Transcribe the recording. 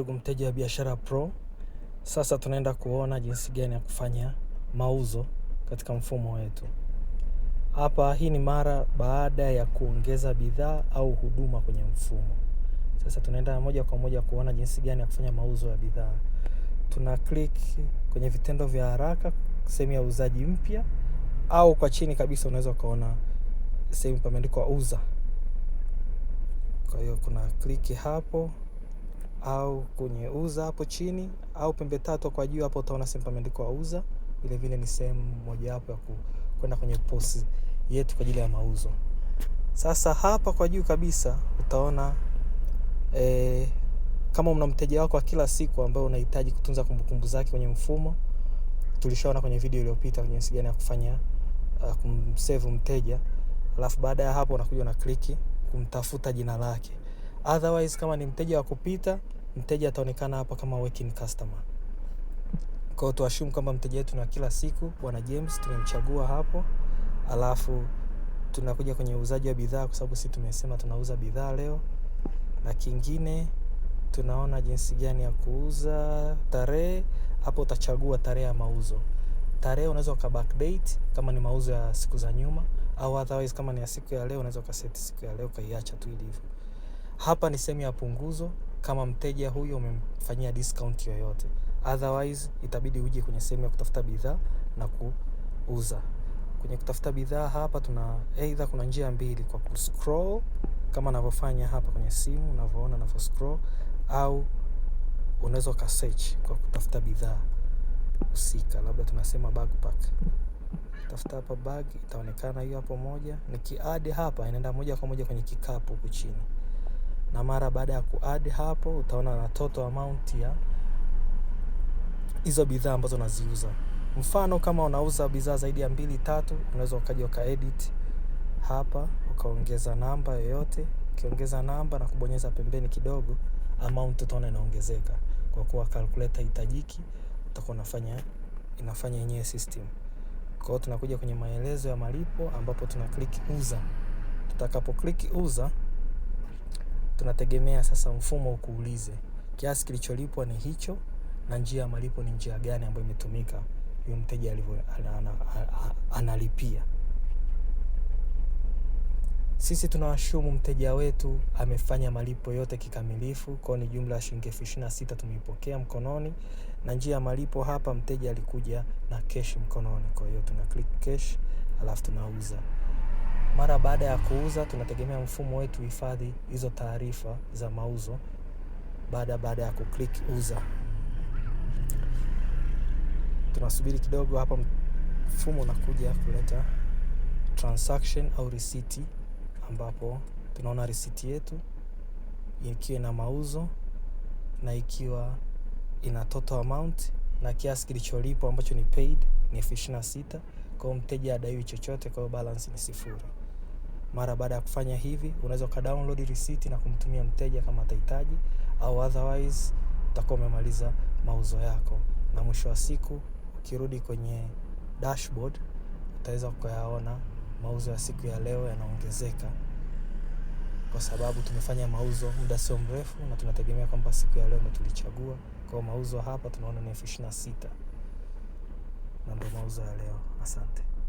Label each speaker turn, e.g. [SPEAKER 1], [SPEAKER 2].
[SPEAKER 1] Ndugu mteja wa Biashara Pro, sasa tunaenda kuona jinsi gani ya kufanya mauzo katika mfumo wetu. Hapa hii ni mara baada ya kuongeza bidhaa au huduma kwenye mfumo. Sasa tunaenda moja kwa moja kuona jinsi gani ya kufanya mauzo ya bidhaa. Tuna click kwenye vitendo vya haraka, sehemu ya uzaji mpya, au kwa chini kabisa unaweza ukaona sehemu pameandikwa uza. Kwa hiyo kuna click hapo au kwenye uza hapo chini au pembe tatu kwa juu hapo utaona sehemu pameandikwa uza. Vile vile ni sehemu mojawapo ya kwenda kwenye posi yetu kwa ajili ya mauzo. Sasa hapa kwa juu kabisa utaona e, kama mna mteja wako wa kila siku ambaye unahitaji kutunza kumbukumbu zake kwenye mfumo, tulishaona kwenye video iliyopita jinsi gani ya kufanya uh, kumsave mteja, alafu baada ya hapo unakuja na kliki kumtafuta jina lake. Otherwise, kama ni mteja wa kupita, mteja ataonekana hapa kama working customer. Kwa hiyo tuashumu kwamba mteja wetu na kila siku bwana James tumemchagua hapo, alafu tunakuja kwenye uuzaji wa bidhaa, kwa sababu sisi tumesema tunauza bidhaa leo, na kingine tunaona jinsi gani ya kuuza tarehe. Hapo utachagua tarehe ya mauzo. Tarehe unaweza uka backdate kama ni mauzo ya siku za nyuma, au otherwise kama ni ya siku ya leo unaweza ukaset siku ya leo ukaiacha tu ilivyo. Hapa ni sehemu ya punguzo kama mteja huyo umemfanyia discount yoyote, otherwise itabidi uje kwenye sehemu ya kutafuta bidhaa na kuuza. Kwenye kutafuta bidhaa hapa tuna either, kuna njia mbili, kwa kuscroll kama navyofanya hapa kwenye simu unavyoona navyo scroll, au unaweza ka search kwa kutafuta bidhaa husika, labda tunasema bag pack. Tafuta hapa bag, itaonekana hiyo hapo moja. Nikiadi hapa inaenda moja kwa moja kwenye kikapu huku chini na mara baada ya kuadd hapo utaona na total amount ya hizo bidhaa ambazo unaziuza. Mfano kama unauza bidhaa zaidi ya mbili tatu, unaweza ukaja ukaedit hapa ukaongeza namba yoyote. Ukiongeza namba na kubonyeza pembeni kidogo, amount utaona inaongezeka. Kwa kuwa calculator itajiki, utakuwa unafanya inafanya yenyewe system. Kwa hiyo tunakuja kwenye maelezo ya malipo ambapo tuna click uza. Tutakapo click uza tunategemea sasa mfumo ukuulize kiasi kilicholipwa ni hicho na njia ya malipo ni njia gani ambayo imetumika huyo mteja alivyo analipia. Sisi tunawashumu mteja wetu amefanya malipo yote kikamilifu, kwao ni jumla ya shilingi elfu ishirini na sita tumeipokea mkononi, na njia ya malipo hapa mteja alikuja na cash mkononi, kwa hiyo tuna click cash, alafu tunauza. Mara baada ya kuuza, tunategemea mfumo wetu hifadhi hizo taarifa za mauzo baada baada ya kuklik uza. Tunasubiri kidogo, hapa mfumo unakuja kuleta transaction au risiti, ambapo tunaona risiti yetu ikiwa ina mauzo na ikiwa ina total amount na kiasi kilicholipo ambacho ni paid ni elfu ishirini na sita. Kwa hiyo mteja adaiwi chochote, kwa hiyo balance ni sifuri. Mara baada ya kufanya hivi, unaweza download receipt na kumtumia mteja kama atahitaji, au otherwise utakuwa umemaliza mauzo yako, na mwisho wa siku ukirudi kwenye dashboard utaweza kuyaona mauzo ya siku ya leo yanaongezeka, kwa sababu tumefanya mauzo muda sio mrefu, na tunategemea kwamba siku ya leo ndo tulichagua. Kwa mauzo hapa tunaona ni elfu ishirini na sita na mauzo ya leo. Asante.